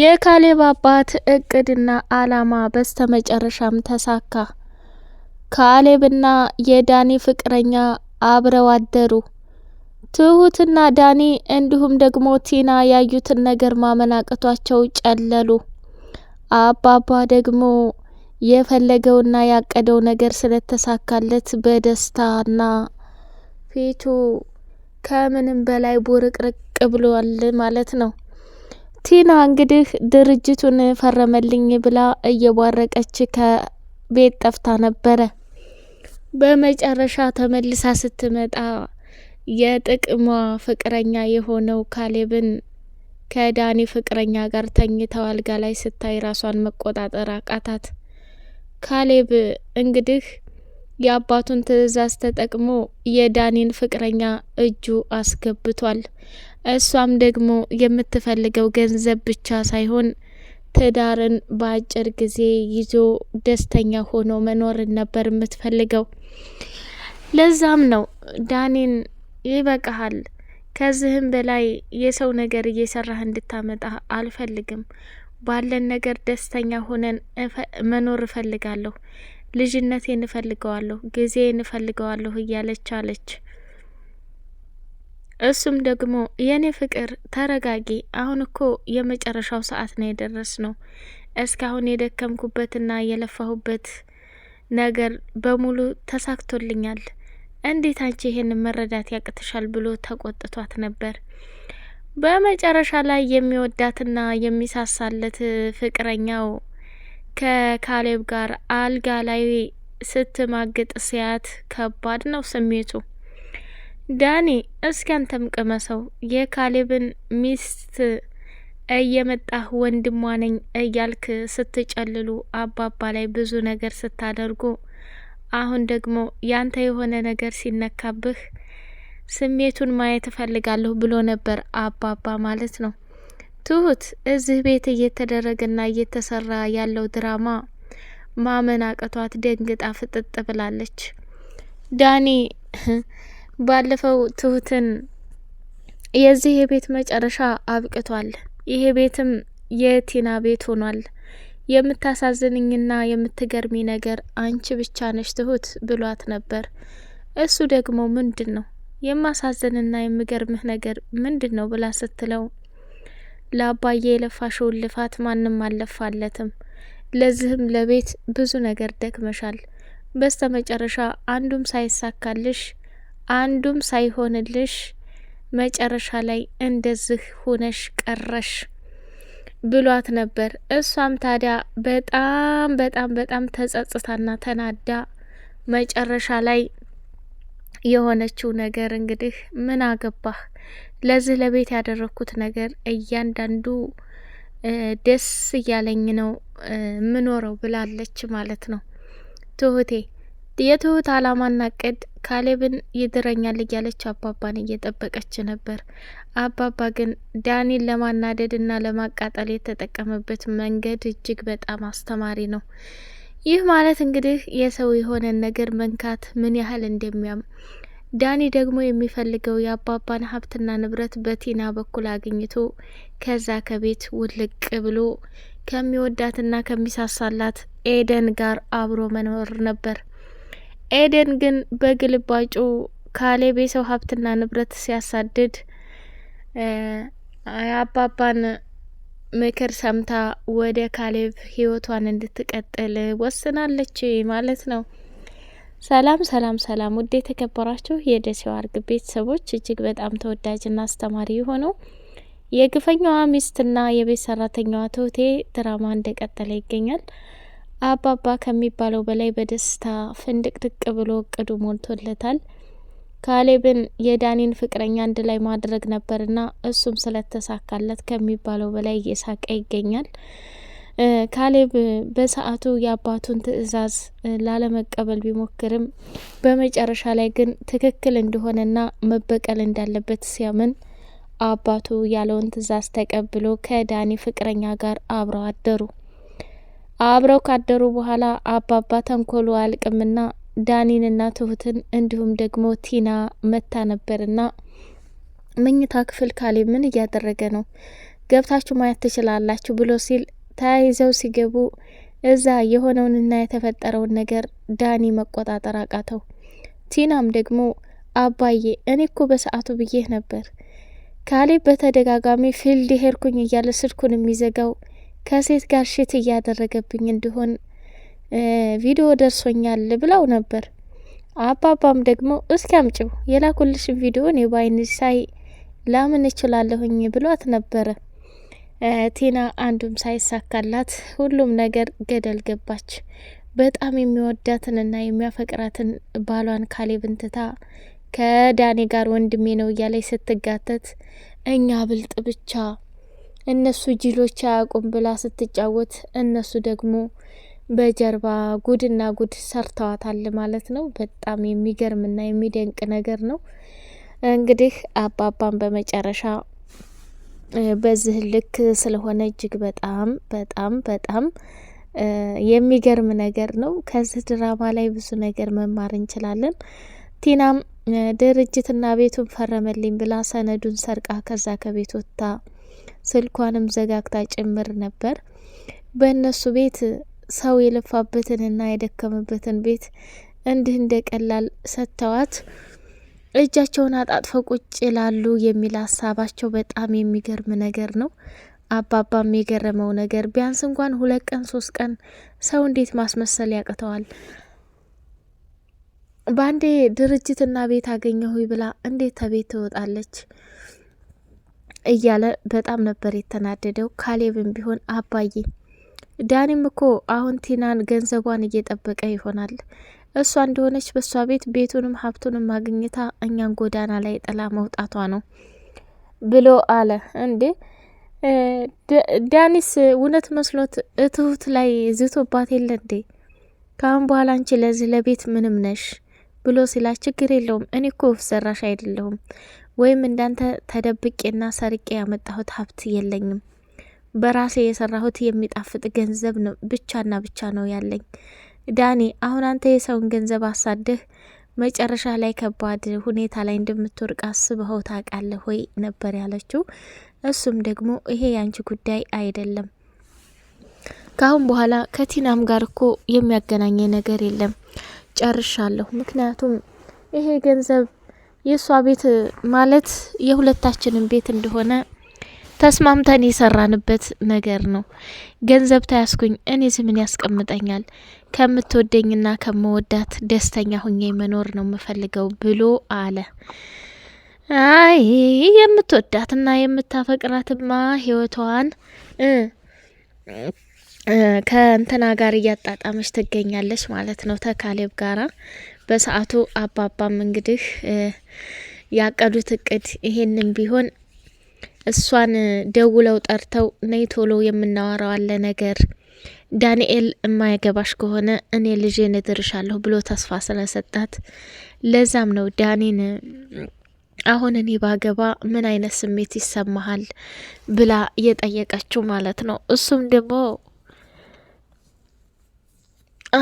የካሌብ አባት እቅድና አላማ በስተመጨረሻም ተሳካ። ካሌብና የዳኒ ፍቅረኛ አብረው አደሩ። ትሁትና ዳኒ እንዲሁም ደግሞ ቲና ያዩትን ነገር ማመን አቅቷቸው ጨለሉ። አባባ ደግሞ የፈለገውና ያቀደው ነገር ስለተሳካለት በደስታና ፊቱ ከምንም በላይ ቡርቅርቅ ብሏል ማለት ነው። ቲና እንግዲህ ድርጅቱን ፈረመልኝ ብላ እየቧረቀች ከቤት ጠፍታ ነበረ። በመጨረሻ ተመልሳ ስትመጣ የጥቅሟ ፍቅረኛ የሆነው ካሌብን ከዳኒ ፍቅረኛ ጋር ተኝተው አልጋ ላይ ስታይ ራሷን መቆጣጠር አቃታት። ካሌብ እንግዲህ የአባቱን ትዕዛዝ ተጠቅሞ የዳኒን ፍቅረኛ እጁ አስገብቷል። እሷም ደግሞ የምትፈልገው ገንዘብ ብቻ ሳይሆን ትዳርን በአጭር ጊዜ ይዞ ደስተኛ ሆኖ መኖርን ነበር የምትፈልገው። ለዛም ነው ዳኒን ይበቃሃል፣ ከዚህም በላይ የሰው ነገር እየሰራህ እንድታመጣ አልፈልግም ባለን ነገር ደስተኛ ሆነን መኖር እፈልጋለሁ። ልጅነቴ እንፈልገዋለሁ፣ ጊዜ እንፈልገዋለሁ እያለች አለች። እሱም ደግሞ የእኔ ፍቅር ተረጋጊ፣ አሁን እኮ የመጨረሻው ሰዓት ነው የደረስ ነው። እስካሁን የደከምኩበትና የለፋሁበት ነገር በሙሉ ተሳክቶልኛል። እንዴት አንቺ ይሄን መረዳት ያቅትሻል? ብሎ ተቆጥቷት ነበር። በመጨረሻ ላይ የሚወዳትና የሚሳሳለት ፍቅረኛው ከካሌብ ጋር አልጋ ላይ ስትማግጥ ሲያት ከባድ ነው ስሜቱ። ዳኒ እስኪ አንተም ቅመሰው የካሌብን ሚስት እየመጣህ ወንድሟ ነኝ እያልክ ስትጨልሉ አባባ ላይ ብዙ ነገር ስታደርጉ አሁን ደግሞ ያንተ የሆነ ነገር ሲነካብህ ስሜቱን ማየት እፈልጋለሁ ብሎ ነበር አባባ ማለት ነው። ትሁት እዚህ ቤት እየተደረገና እየተሰራ ያለው ድራማ ማመን አቅቷት ደንግጣ ፍጥጥ ብላለች። ዳኒ ባለፈው ትሁትን የዚህ የቤት መጨረሻ አብቅቷል፣ ይሄ ቤትም የቲና ቤት ሆኗል፣ የምታሳዝንኝና የምትገርሚ ነገር አንቺ ብቻ ነሽ ትሁት ብሏት ነበር። እሱ ደግሞ ምንድን ነው የማሳዝንና የምገርምህ ነገር ምንድን ነው ብላ ስትለው ለአባዬ የለፋሽውን ልፋት ማንም አልለፋለትም። ለዚህም ለቤት ብዙ ነገር ደክመሻል። በስተ መጨረሻ አንዱም ሳይሳካልሽ አንዱም ሳይሆንልሽ መጨረሻ ላይ እንደዚህ ሆነሽ ቀረሽ ብሏት ነበር። እሷም ታዲያ በጣም በጣም በጣም ተጸጽታና ተናዳ መጨረሻ ላይ የሆነችው ነገር እንግዲህ ምን አገባህ ለዚህ ለቤት ያደረግኩት ነገር እያንዳንዱ ደስ እያለኝ ነው ምኖረው ብላለች ማለት ነው። ትሁቴ የትሁት አላማና ቅድ ካሌብን ይድረኛል እያለች አባባን እየጠበቀች ነበር። አባባ ግን ዳኒን ለማናደድና ለማቃጠል የተጠቀመበት መንገድ እጅግ በጣም አስተማሪ ነው። ይህ ማለት እንግዲህ የሰው የሆነን ነገር መንካት ምን ያህል እንደሚያም ዳኒ ደግሞ የሚፈልገው የአባባን ሀብትና ንብረት በቲና በኩል አግኝቶ ከዛ ከቤት ውልቅ ብሎ ከሚወዳትና ከሚሳሳላት ኤደን ጋር አብሮ መኖር ነበር። ኤደን ግን በግልባጩ ካሌብ የሰው ሀብትና ንብረት ሲያሳድድ የአባባን ምክር ሰምታ ወደ ካሌብ ህይወቷን እንድትቀጥል ወስናለች ማለት ነው። ሰላም ሰላም ሰላም ውድ የተከበራችሁ የደሴው አርግ ቤተሰቦች እጅግ በጣም ተወዳጅና አስተማሪ የሆነው የግፈኛዋ ሚስትና የቤት ሰራተኛዋ ትሁቴ ድራማ እንደቀጠለ ይገኛል። አባባ ከሚባለው በላይ በደስታ ፍንድቅድቅ ብሎ እቅዱ ሞልቶለታል። ካሌብን የዳኒን ፍቅረኛ አንድ ላይ ማድረግ ነበርና እሱም ስለተሳካለት ከሚባለው በላይ እየሳቀ ይገኛል። ካሌብ በሰዓቱ የአባቱን ትዕዛዝ ላለመቀበል ቢሞክርም በመጨረሻ ላይ ግን ትክክል እንደሆነና መበቀል እንዳለበት ሲያምን አባቱ ያለውን ትዕዛዝ ተቀብሎ ከዳኒ ፍቅረኛ ጋር አብረው አደሩ። አብረው ካደሩ በኋላ አባባ ተንኮሉ አልቅምና ዳኒንና ትሁትን እንዲሁም ደግሞ ቲና መታ ነበርና መኝታ ክፍል ካሌብ ምን እያደረገ ነው ገብታችሁ ማየት ትችላላችሁ ብሎ ሲል ተያይዘው ሲገቡ እዛ የሆነውንና የተፈጠረውን ነገር ዳኒ መቆጣጠር አቃተው። ቲናም ደግሞ አባዬ እኔ እኮ በሰዓቱ ብዬህ ነበር ካሌብ በተደጋጋሚ ፊልድ ሄድኩኝ እያለ ስልኩን የሚዘጋው ከሴት ጋር ሽት እያደረገብኝ እንዲሆን ቪዲዮ ደርሶኛል ብለው ነበር። አባባም ደግሞ እስኪ አምጪው የላኩልሽን ቪዲዮን የባይን ሳይ ላምን እችላለሁኝ ብሏት ነበረ። ቴና አንዱም ሳይሳካላት ሁሉም ነገር ገደል ገባች። በጣም የሚወዳትንና የሚያፈቅራትን ባሏን ካሌብን ትታ ከዳኔ ጋር ወንድሜ ነው እያለች ስትጋተት እኛ ብልጥ ብቻ እነሱ ጅሎች አያውቁም ብላ ስትጫወት እነሱ ደግሞ በጀርባ ጉድና ጉድ ሰርተዋታል ማለት ነው። በጣም የሚገርምና የሚደንቅ ነገር ነው። እንግዲህ አባባን በመጨረሻ በዚህ ልክ ስለሆነ እጅግ በጣም በጣም በጣም የሚገርም ነገር ነው። ከዚህ ድራማ ላይ ብዙ ነገር መማር እንችላለን። ቲናም ድርጅትና ቤቱን ፈረመልኝ ብላ ሰነዱን ሰርቃ ከዛ ከቤት ወጥታ ስልኳንም ዘጋግታ ጭምር ነበር። በእነሱ ቤት ሰው የለፋበትንና የደከመበትን ቤት እንዲህ እንደ ቀላል ሰጥተዋት እጃቸውን አጣጥፈው ቁጭ ይላሉ የሚል ሀሳባቸው በጣም የሚገርም ነገር ነው። አባባም የገረመው ነገር ቢያንስ እንኳን ሁለት ቀን ሶስት ቀን ሰው እንዴት ማስመሰል ያቅተዋል? በአንዴ ድርጅትና ቤት አገኘሁ ብላ እንዴት ተቤት ትወጣለች? እያለ በጣም ነበር የተናደደው። ካሌብም ቢሆን አባዬ ዳኒም እኮ አሁን ቲናን ገንዘቧን እየጠበቀ ይሆናል እሷ እንደሆነች በእሷ ቤት ቤቱንም ሀብቱንም ማግኘታ እኛን ጎዳና ላይ ጥላ መውጣቷ ነው ብሎ አለ። እንዴ ዳኒስ እውነት መስሎት እትሁት ላይ ዝቶባት የለ እንዴ? ከአሁን በኋላ አንቺ ለዚህ ለቤት ምንም ነሽ ብሎ ሲላ ችግር የለውም እኔ እኮ ወፍ ሰራሽ አይደለሁም ወይም እንዳንተ ተደብቄና ሰርቄ ያመጣሁት ሀብት የለኝም። በራሴ የሰራሁት የሚጣፍጥ ገንዘብ ነው። ብቻና ብቻ ነው ያለኝ። ዳኒ አሁን አንተ የሰውን ገንዘብ አሳደህ መጨረሻ ላይ ከባድ ሁኔታ ላይ እንደምትወርቅ አስበኸው ታውቃለህ ወይ ነበር ያለችው። እሱም ደግሞ ይሄ ያንቺ ጉዳይ አይደለም፣ ከአሁን በኋላ ከቲናም ጋር እኮ የሚያገናኘ ነገር የለም ጨርሻለሁ። ምክንያቱም ይሄ ገንዘብ የእሷ ቤት ማለት የሁለታችንም ቤት እንደሆነ ተስማምተን የሰራንበት ነገር ነው። ገንዘብ ታያስኩኝ እኔ ዝምን ያስቀምጠኛል ከምትወደኝና ከምወዳት ደስተኛ ሁኜ መኖር ነው የምፈልገው ብሎ አለ። አይ የምትወዳትና የምታፈቅራትማ ህይወቷን ከእንትና ጋር እያጣጣመች ትገኛለች ማለት ነው፣ ተካሌብ ጋራ በሰዓቱ አባባም እንግዲህ ያቀዱት እቅድ ይሄንን ቢሆን እሷን ደውለው ጠርተው ነይ ቶሎ የምናወራው አለ ነገር ዳንኤል የማያገባሽ ከሆነ እኔ ልጄ እድርሻለሁ ብሎ ተስፋ ስለሰጣት ለዛም ነው ዳኒን አሁን እኔ ባገባ ምን አይነት ስሜት ይሰማሃል ብላ እየጠየቀችው ማለት ነው። እሱም ደግሞ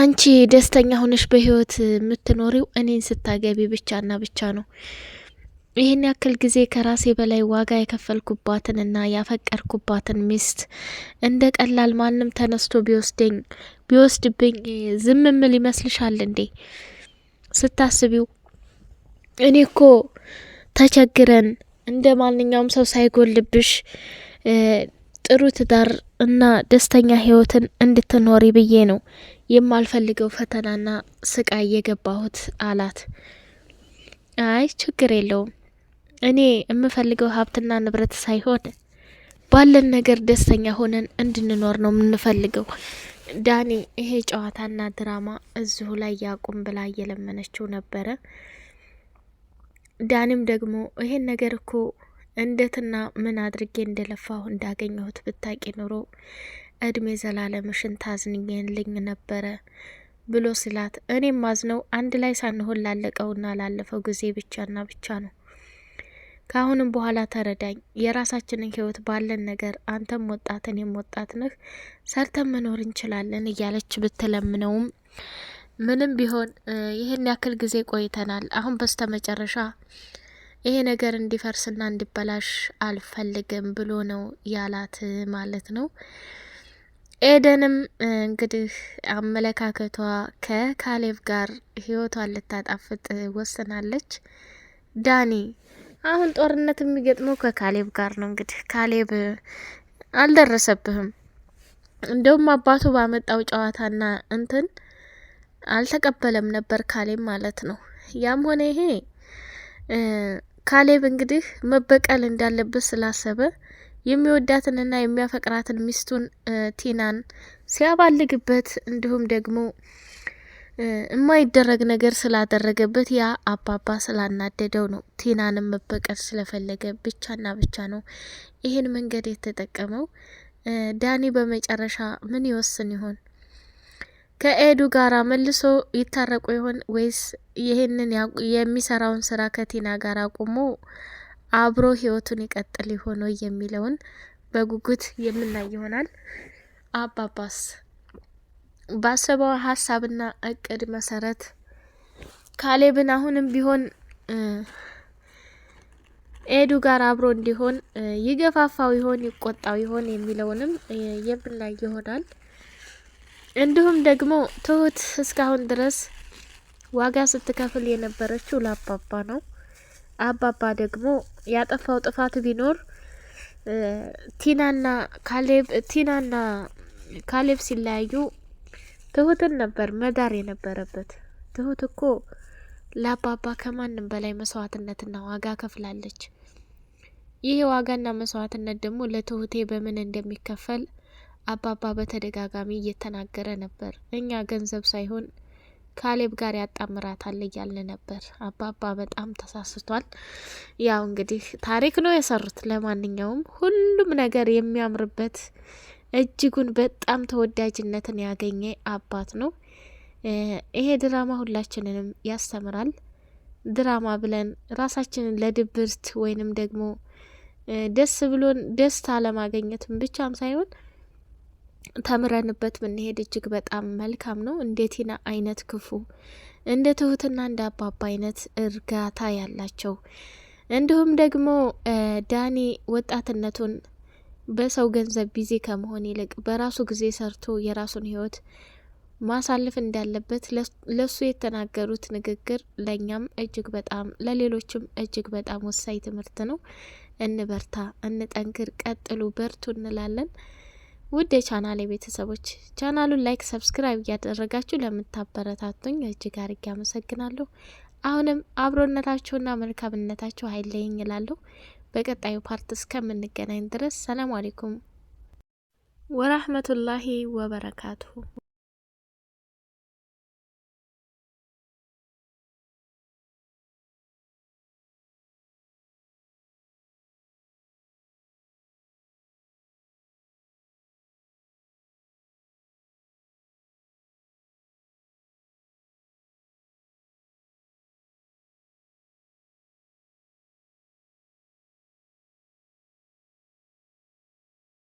አንቺ ደስተኛ ሆነሽ በህይወት የምትኖሪው እኔን ስታገቢ ብቻና ብቻ ነው ይህን ያክል ጊዜ ከራሴ በላይ ዋጋ የከፈልኩባትን እና ያፈቀርኩባትን ሚስት እንደ ቀላል ማንም ተነስቶ ቢወስደኝ ቢወስድብኝ ዝም ምል ይመስልሻል እንዴ? ስታስቢው እኔ እኮ ተቸግረን እንደ ማንኛውም ሰው ሳይጎልብሽ ጥሩ ትዳር እና ደስተኛ ህይወትን እንድትኖሪ ብዬ ነው የማልፈልገው ፈተናና ስቃይ የገባሁት አላት። አይ ችግር የለውም እኔ የምፈልገው ሀብትና ንብረት ሳይሆን ባለን ነገር ደስተኛ ሆነን እንድንኖር ነው የምንፈልገው። ዳኒ ይሄ ጨዋታና ድራማ እዚሁ ላይ ያቁም ብላ እየለመነችው ነበረ። ዳኒም ደግሞ ይሄን ነገር እኮ እንዴትና ምን አድርጌ እንደለፋሁ እንዳገኘሁት ብታቂ ኑሮ እድሜ ዘላለምሽን ታዝኝልኝ ነበረ ብሎ ስላት፣ እኔም ማዝነው አንድ ላይ ሳንሆን ላለቀውና ላለፈው ጊዜ ብቻና ብቻ ነው ከአሁንም በኋላ ተረዳኝ። የራሳችንን ህይወት ባለን ነገር አንተም ወጣት እኔም ወጣት ነህ፣ ሰርተን መኖር እንችላለን እያለች ብትለምነውም ምንም ቢሆን ይህን ያክል ጊዜ ቆይተናል። አሁን በስተ መጨረሻ ይሄ ነገር እንዲፈርስና እንዲበላሽ አልፈልግም ብሎ ነው ያላት ማለት ነው። ኤደንም እንግዲህ አመለካከቷ ከካሌቭ ጋር ህይወቷን ልታጣፍጥ ወስናለች። ዳኒ አሁን ጦርነት የሚገጥመው ከካሌብ ጋር ነው። እንግዲህ ካሌብ አልደረሰብህም። እንደውም አባቱ ባመጣው ጨዋታና እንትን አልተቀበለም ነበር ካሌብ ማለት ነው። ያም ሆነ ይሄ ካሌብ እንግዲህ መበቀል እንዳለበት ስላሰበ የሚወዳትንና የሚያፈቅራትን ሚስቱን ቲናን ሲያባልግበት እንዲሁም ደግሞ የማይደረግ ነገር ስላደረገበት ያ አባባ ስላናደደው ነው። ቲናንም መበቀል ስለፈለገ ብቻና ብቻ ነው ይህን መንገድ የተጠቀመው። ዳኒ በመጨረሻ ምን ይወስን ይሆን? ከኤዱ ጋር መልሶ ይታረቁ ይሆን ወይስ ይህንን የሚሰራውን ስራ ከቲና ጋር አቁሞ አብሮ ህይወቱን ይቀጥል ይሆን የሚለውን በጉጉት የምናይ ይሆናል። አባባስ ባሰበው ሀሳብና እቅድ መሰረት ካሌብን አሁንም ቢሆን ኤዱ ጋር አብሮ እንዲሆን ይገፋፋው ይሆን ይቆጣው ይሆን የሚለውንም የምናይ ይሆናል። እንዲሁም ደግሞ ትሁት እስካሁን ድረስ ዋጋ ስትከፍል የነበረችው ለአባባ ነው። አባባ ደግሞ ያጠፋው ጥፋት ቢኖር ቲናና ካሌብ ቲናና ካሌብ ሲለያዩ ትሁትን ነበር መዳር የነበረበት። ትሁት እኮ ለአባባ ከማንም በላይ መስዋዕትነትና ዋጋ ከፍላለች። ይህ ዋጋና መስዋዕትነት ደግሞ ለትሁቴ በምን እንደሚከፈል አባባ በተደጋጋሚ እየተናገረ ነበር። እኛ ገንዘብ ሳይሆን ካሌብ ጋር ያጣምራታል እያልን ነበር። አባባ በጣም ተሳስቷል። ያው እንግዲህ ታሪክ ነው የሰሩት። ለማንኛውም ሁሉም ነገር የሚያምርበት እጅጉን በጣም ተወዳጅነትን ያገኘ አባት ነው። ይሄ ድራማ ሁላችንንም ያስተምራል። ድራማ ብለን ራሳችንን ለድብርት ወይንም ደግሞ ደስ ብሎን ደስታ ለማገኘትም ብቻም ሳይሆን ተምረንበት ብንሄድ እጅግ በጣም መልካም ነው። እንደ ቲና አይነት ክፉ፣ እንደ ትሁትና እንደ አባባ አይነት እርጋታ ያላቸው እንዲሁም ደግሞ ዳኒ ወጣትነቱን በሰው ገንዘብ ቢዚ ከመሆን ይልቅ በራሱ ጊዜ ሰርቶ የራሱን ህይወት ማሳለፍ እንዳለበት ለሱ የተናገሩት ንግግር ለእኛም እጅግ በጣም ለሌሎችም እጅግ በጣም ወሳኝ ትምህርት ነው። እንበርታ፣ እንጠንክር፣ ቀጥሉ፣ በርቱ እንላለን። ውድ የቻናሌ ቤተሰቦች ቻናሉን ላይክ፣ ሰብስክራይብ እያደረጋችሁ ለምታበረታቱኝ እጅግ አርጌ አመሰግናለሁ። አሁንም አብሮነታችሁና መልካምነታችሁ አይለየኝ እላለሁ። በቀጣዩ ፓርት እስከምንገናኝ ድረስ ሰላም አሌኩም ወራህመቱላሂ ወበረካቱሁ።